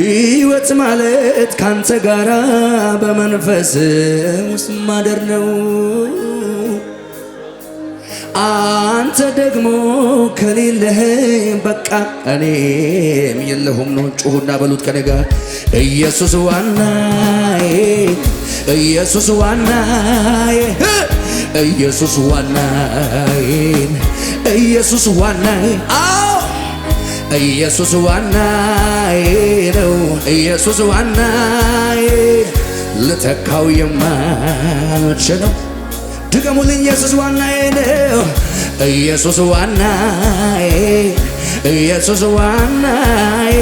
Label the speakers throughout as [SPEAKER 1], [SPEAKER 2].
[SPEAKER 1] ሕይወት ማለት ካንተ ጋራ በመንፈስ ውስጥ ማደር ነው። አንተ ደግሞ ከሌለህ በቃ እኔም የለሁም ነው። ጩሁና በሉት ከኔ ጋር ኢየሱስ ዋናዬ፣ ኢየሱስ ዋናዬ፣ ኢየሱስ ዋናዬ፣ ኢየሱስ ዋናዬ ኢየሱስ ዋናዬ ነው ኢየሱስ ዋናዬ ልተካው የማልችለው ድገሙልኝ ኢየሱስ ዋናዬ ነው ኢየሱስ ዋናዬ ኢየሱስ ዋናዬ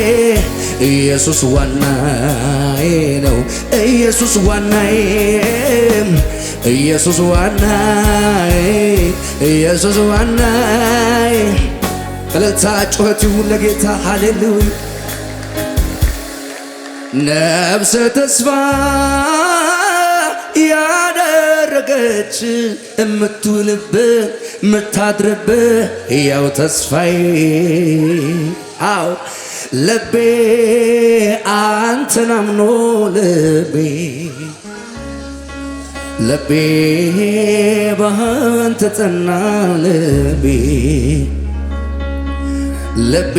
[SPEAKER 1] ኢየሱስ ዋናዬ ነው ኢየሱስ ዋናዬ ኢየሱስ ዋናዬ ኢየሱስ ዋናዬ እልልታ ጩኸት ይሁን ለጌታ ሃሌሉያ ነፍሰ ተስፋ ያደረገች እምትውልብህ እምታድርብህ ያው ተስፋዬ አው ልቤ አንተን አምኖ ልቤ ልቤ በአንተ ጸና ልቤ ልቤ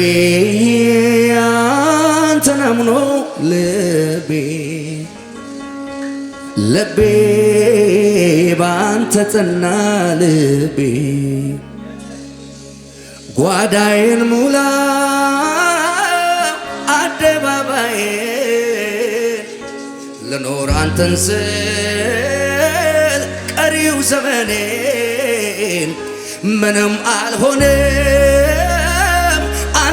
[SPEAKER 1] አንተን አምኖ ልቤ ልቤ ባንተ ጸና ልቤ ጓዳዬን ሙላ አደባባዬ ልኖር አንተን ስል ቀሪው ዘመኔን ምንም አልሆነ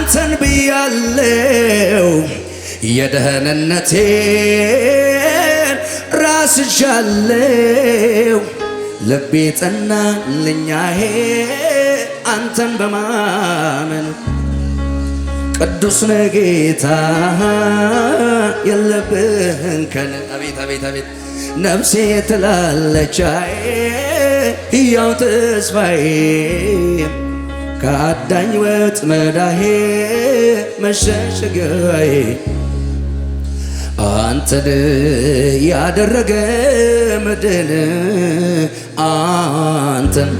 [SPEAKER 1] አንተን ብያለው የደህንነቴን ራስ ሻለው ልቤ ጠና ልኛሄ አንተን በማመን ቅዱስ ነጌታ የለብህን ከን አቤት አቤት አቤት ነፍሴ ትላለቻዬ ሕያው ተስፋዬ ከአዳኝ ወጥመዳሄ መሸሸጊያዬ አንተን ያደረገ ምድን አንተን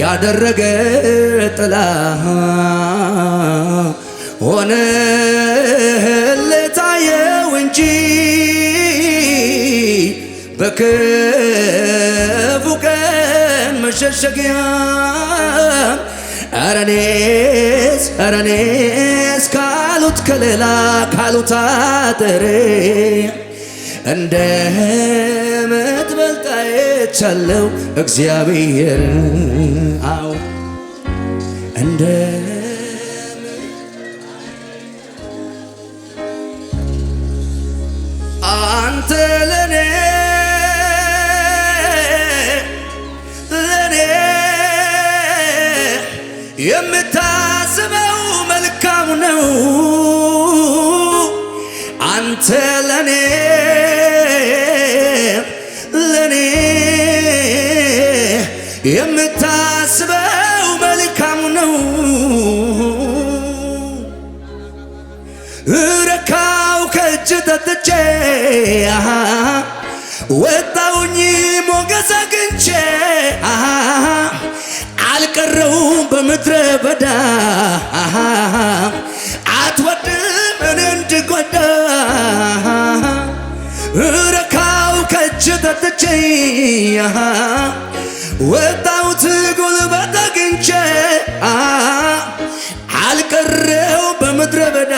[SPEAKER 1] ያደረገ ጥላ ሆነ ታየው እንጂ በክፉ ቀን መሸሸጊያ እረኔስ እረኔስ ካሉት ከለላ ካሉት አጥሬ እንደ ምትበልጥ አይቻለው እግዚአብሔር አው እንደ አንተ ለኔ ለኔ የምታስበው መልካም ነው። እረካው ከእጅ ጠጥቼ ወጣውኝ ሞገስ አግኝቼ አልቀረው በምድረ በዳ ጎዳ ረካው ከእጅ ጠጥቼ ወጣሁት ጉልበት አግኝቼ አልቀረው በምድረ በዳ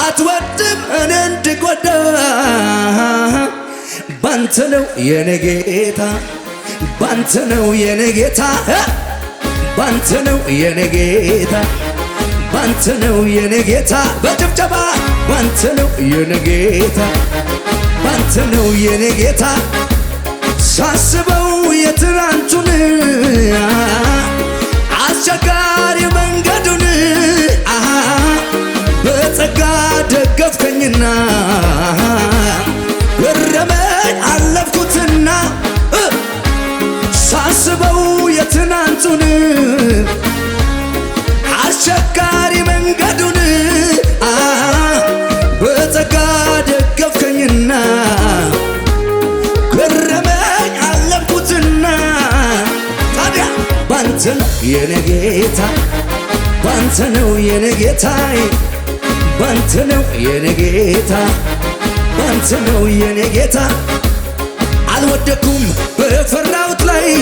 [SPEAKER 1] አትወድም እኔ እንድጎዳ ባንተ ነው የኔ ባንተ ነው የኔ ባንተ ነው የኔ አንተ ነው የኔ ጌታ በጭብጨባ አንተ ነው የኔ ጌታ አንተ ነው የኔ ጌታ ሳስበው የትናንቱን አስቸጋሪ መንገዱን በጸጋ ደገፍከኝና ገረመኝ አለፍኩትና ሳስበው የትናንቱን መንገዱን በጸጋ ደገፍከኝና ገረመኝ አለብኩትና ታዲያ ባንተ ነው የኔ ጌታ ባንተ ነው የኔ ጌታ ባንተ ነው የኔ ጌታ ባንተ ነው የኔ ጌታ አልወደኩም በፈራሁት ወይ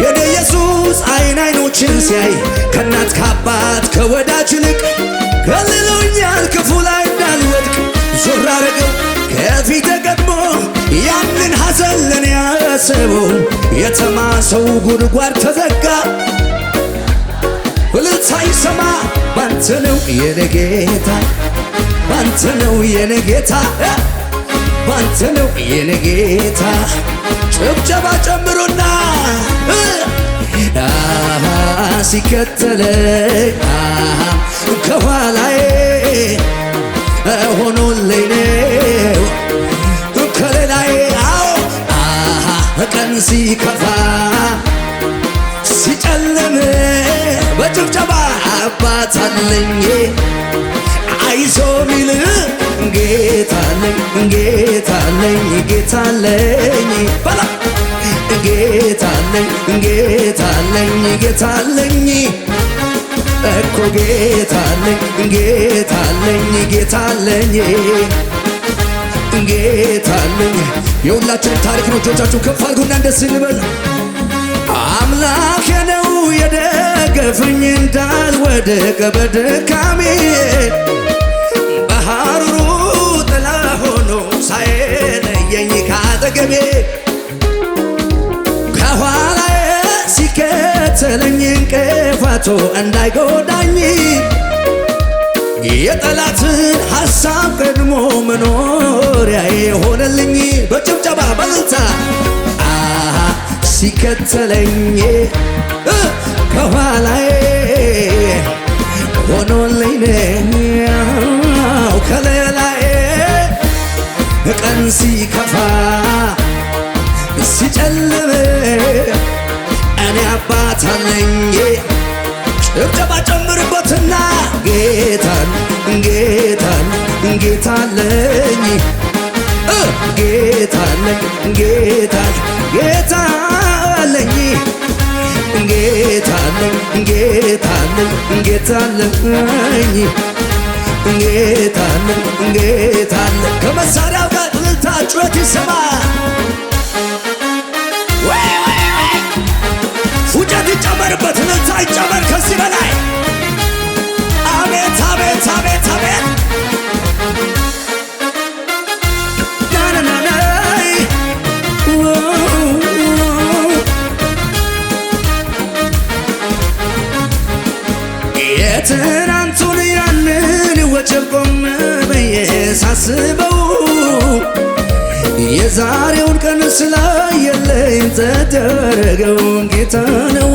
[SPEAKER 1] የደ ኢየሱስ አይን አይኖችን ሲያይ ከእናት ከአባት ከወዳጅ ይልቅ ከልሎኛል ክፉ ላይ እንዳልወድቅ ዞር አረገው ከፊት ገጥሞ ያንን ሐዘን ለኔ ያሰበው የተማሰው ጉድጓድ ተዘጋ እልልታ ይሰማ ባንተ ነው የነጌታ ባንተ ነው የነጌታ ባንተ ነው የነጌታ ጭብጨባ ጨምሮና ሲከተለኝ ከኋላዬ ሆኖልኝ ነው ከሌላዬ አዎ ቀን ሲከፋ ሲጨልም በጭብጨባ አባት አለኝ አይዞ ሚል ጌታ አለኝ ጌታ በላ ጌታለኝ ጌታለኝ ጌታለኝ እኮ ጌታለኝ ጌታለኝ ጌታለኝ ጌታለኝ የሁላችን ታሪክ ነው። እጆቻችሁ ከፍ አድርጉና ደስ እንበል። አምላክ ነው የደገፈኝ እንዳልወድቅ በድካሜ በሐሩሩ ጥላ ሆኖ ሳይለየኝ ካጠገቤ የከተለኝ እንቅፋቱ እንዳይጎዳኝ የጠላትን ሐሳብ ቀድሞ መኖሪያ የሆነልኝ በጭብጨባ በልታ አሃ ሲከተለኝ ከኋላዬ ሆኖልኝ ነው ከለላዬ ቀን ሲከፋ ታመኜ ጭብጨባ ጨምርበትና ጌታን ጌታን ጌታለኝ ጌታለኝ ጌታ ጌታለኝ ጌታለኝ ጌታለኝ ጌታለኝ ጌታለኝ ጌታለኝ ከመሳሪያው ጋር እልልታ ጩኸት ይሰማ ይጨመርበት፣ እልልታ ይጨመር ከዚህ በላይ አቤት አቤት አቤት አቤት የትናንቱን ያንን ወጨቆም ብዬ ሳስበው የዛሬውን ቀን ስላየለኝ ተደረገውን ጌታ ነው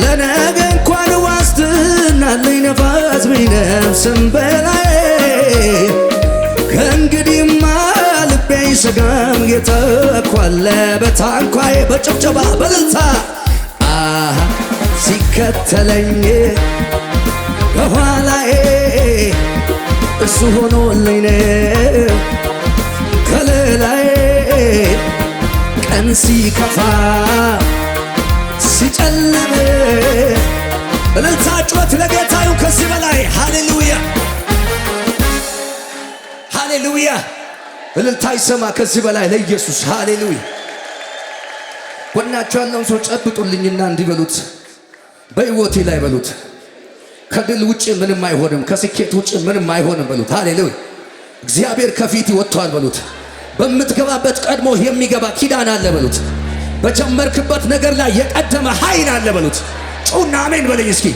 [SPEAKER 1] ለነገ እንኳን ዋስትና አለኝ ነፋስ ቢነፍስም በላይ ከእንግዲህማ ልቤ አይሰጋም ጌታ በታንኳዬ በጭብጨባ በልልታ ሲከተለኝ ከኋላዬ እሱ ሆኖልኝ ነው ከለላዬ ቀን ሲከፋ ሲጨልም እልልታ ጩኸት ለጌታዩ ከዚህ በላይ ሃሌሉያ ሃሌሉያ እልልታ ይሰማ ከዚህ በላይ ለኢየሱስ ሃሌሉያ። ጎናቸው ያለውን ሰው ጨብጡልኝና እንዲበሉት በሕይወቴ ላይ በሉት። ከድል ውጭ ምንም አይሆንም፣ ከስኬት ውጭ ምንም አይሆንም በሉት። ሃሌሉያ እግዚአብሔር ከፊት ይወጥቷል በሉት። በምትገባበት ቀድሞ የሚገባ ኪዳን አለ በሉት። በጀመርክበት ነገር ላይ የቀደመ ኃይል አለ በሉት። ጩና አሜን በለኝ እስኪ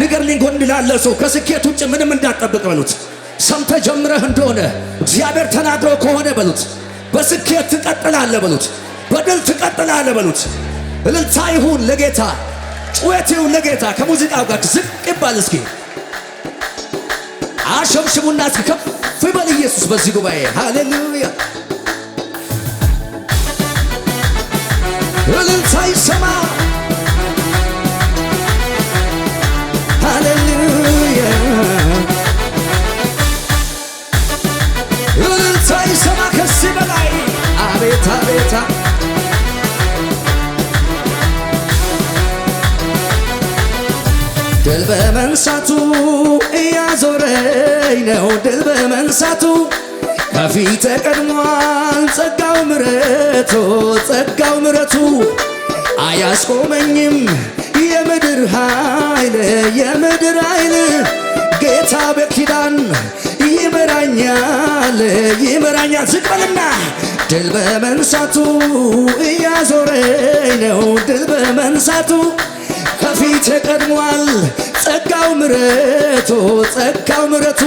[SPEAKER 1] ንገር ሊንጎን ላለ ሰው ከስኬት ውጭ ምንም እንዳጠብቅ በሉት። ሰምተ ጀምረህ እንደሆነ እግዚአብሔር ተናግሮ ከሆነ በሉት። በስኬት ትቀጥላለ በሉት። በድል ትቀጥላለ በሉት። እልልታ ይሁን ለጌታ፣ ጩኸት ይሁን ለጌታ። ከሙዚቃው ጋር ዝቅ ይባል እስኪ አሸምሽሙና እስኪ ከፍ ይበል ኢየሱስ በዚህ ጉባኤ ሃሌሉያ እልልታ ይሰማ ድል በመንሳቱ እያዞረኝ ነው ድል በመንሳቱ ከፊት ቀድሟል ጸጋው ምረቱ ጸጋው ምረቱ አያስቆመኝም የምድር ኃይል የምድር ኃይል ጌታ በኪዳን ይመራኛል ይመራኛል ዝቅ በልና ድል በመንሳቱ እያዞረኝ ነው ድል በመንሳቱ ከፊት ቀድሟል ጸጋው ምረቱ ጸጋው ምረቱ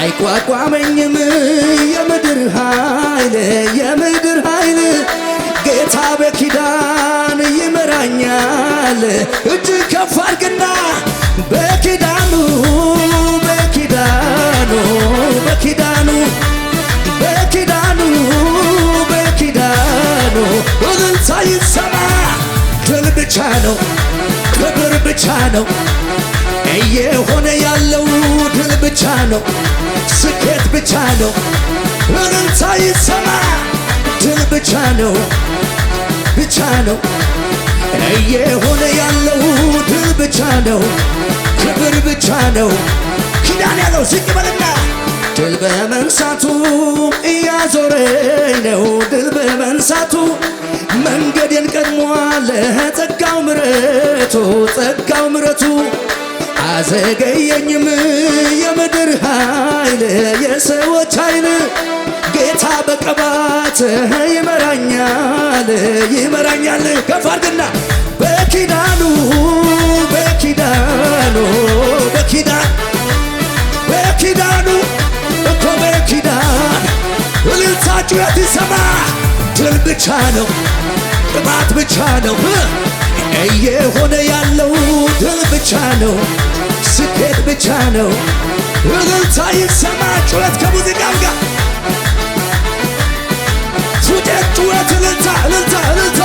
[SPEAKER 1] አይቋቋመኝም የምድር ኃይል የምድር ኃይል ጌታ በኪዳን ይመራኛል። እጅ ከፍ አድርግና በኪዳኑ በኪዳኑ በኪዳኑ በኪዳኑ በኪዳኑ እልልታ ይሰማ። ድል ብቻ ነው ክብር ብቻ ነው እየሆነ ያለው ብቻ ነው፣ ስኬት ብቻ ነው፣ እልልታ ይሰማ፣ ድል ብቻ ነው፣ ብቻ ነው እየሆነ ያለው ድል ብቻ ነው፣ ክብር ብቻ ነው። ኪዳን ያለው ዝቅ በልና ድል በመንሳቱ እያዞረኝ ነው ድል በመንሳቱ መንገዴን ቀድሟል ጸጋው ምረቱ ጸጋው ምረቱ አዘገየኝም ኃይል የሰዎች ኃይል ጌታ በቅባት ይመራኛል ይመራኛል ከፍ አድርግና በኪዳኑ በኪዳኑ በኪዳን በኪዳኑ እኮ በኪዳን እልልታ ጩኸት ይሰማ ድል ብቻ ነው ቅባት ብቻ ነው እየሆነ ያለው ድል ብቻ ነው ስኬት ብቻ ነው እልልታ ይሰማ፣ ጩኸት ከሙዚቃው ጋር ፉጨት፣ ጩኸት፣ እልልታ፣ እልልታ፣ እልልታ።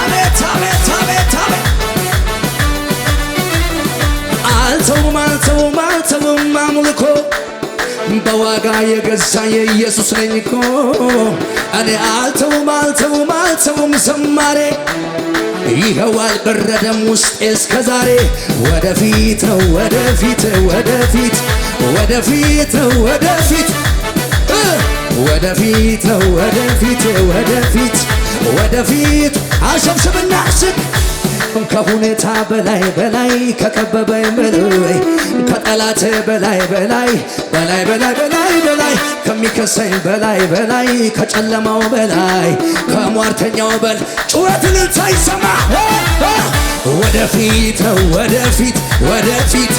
[SPEAKER 1] አቤት አቤት አቤት አቤት አልተውም አልተውም አልተውም አምልኮ በዋጋ የገዛ የኢየሱስ ነኝ እኮ እኔ አልተውም አልተውም አልተውም ዘማሬ ይለዋል ብረ ደም ውስጥ እስከ ዛሬ ወደፊት ነው ወደፊት ወደፊት ወደፊት ነው ወደፊት ወደፊት ነው ወደፊት ወደፊት ወደፊት አሸብሽብና ስቅ ከሁኔታ በላይ በላይ ከከበበኝ በላይ ከጠላት በላይ በላይ በላይ በላይ በላይ በላይ ከሚከሰኝ በላይ በላይ ከጨለማው በላይ ከሟርተኛው በል ጩኸት ልልታ ይሰማ ወደፊት ወደፊት ወደፊት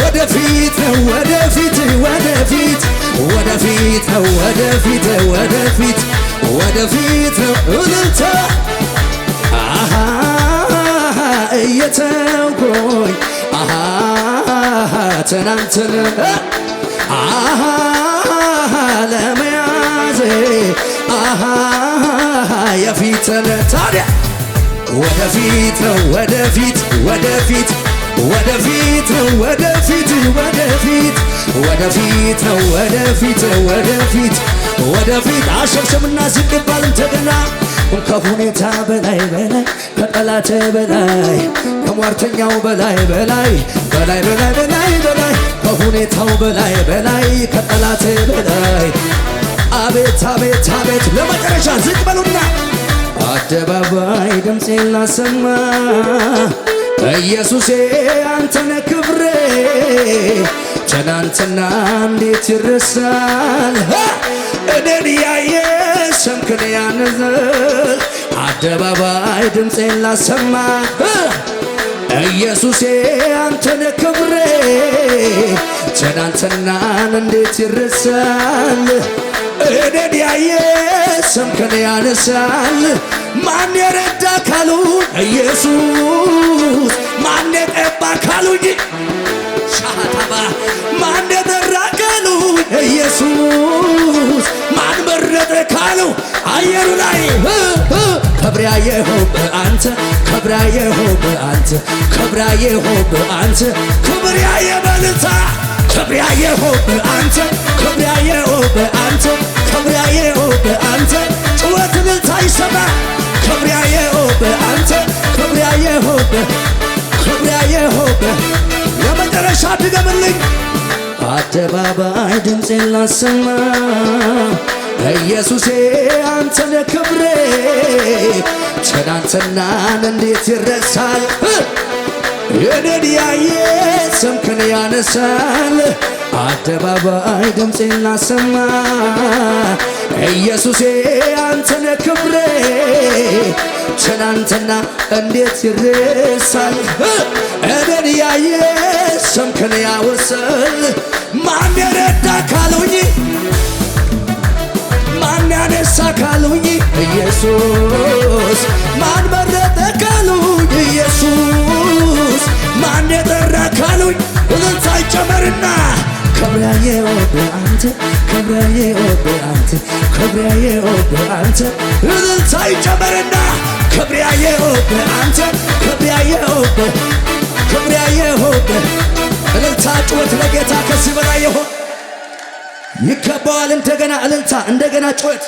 [SPEAKER 1] ወደፊት ወደፊት ወደፊት ወደፊት ወደፊት ወደፊት ወደፊት እልልታ ትናንትን አሃ ለመያዝ አሃ የፊትን ታዲያ ወደፊት ነው ወደፊት ወደፊት ወደፊት ነው ወደፊት ወደፊት ወደፊት ነው ወደፊት ወደፊት ወደፊት አሸብሸብና ዝቅ ተገና ከሁኔታ በላይ በላይ ከጠላቴ በላይ ከሟርተኛው በላይ በላይ በላይ በላይ በላይ በላይ ከሁኔታው በላይ በላይ ከጠላቴ በላይ አቤት አቤት አቤት ለመጨረሻ ዝቅ በሉና አደባባይ ድምፄ ላሰማ ኢየሱሴ አንተነ ክብሬ ትናንትና እንዴት ይረሳል እኔን ያየ በአደባባይ ድምፄን ላሰማ ኢየሱሴ አንተነ ክብሬ ትናንትናን እንዴት ይርሳል? እኔን ያየ ስምህን ያነሳል። ማን የረዳ ካሉ ኢየሱስ ማን የቀባ ካሉኝ ሻታባ ማን የመራ ካሉ ኢየሱስ ክብራየሆ በአንተ ክብራየሆ በአንተ ክብራየሆ በአንተ ክብራየ በልታ ክብራየሆ በአንተ ክብራየሆ በአንተ ክብራየሆ በአንተ ጩኸት ልልታ ይሰማ ክብራየሆ በአንተ ክብራየሆ በ ክብራየሆ በ ለመጨረሻ ድገምልኝ አደባባይ ድምፄን ላሰማ ኢየሱሴ አንተነ ክብሬ ትናንትናን እንዴት ይረሳል? የኔን ያየ ስምክን ያነሳል። አደባባይ ድምፄን ላሰማ ኢየሱሴ አንተነ ክብሬ ትናንትና እንዴት ይረሳል? እኔን ያየ ስምክን ያወሳል። ማን የረዳ ካሉኝ ካሉኝ ኢየሱስ ማን መረጠ ካሉኝ ኢየሱስ ማን የጠራ ካሉኝ እልልታ ይጨመርና ክብራዬ ወደ አንተ ክብራዬ ወደ አንተ ክብራዬ ወደ አንተ እልልታ ይጨመርና ክብራዬ ወደ አንተ ክብራዬ ወደ ክብራዬ እልልታ ጩኸት ለጌታ ከዚህ በላይ ይሆን ይገባዋል። እንደገና እልልታ እንደገና ጩኸት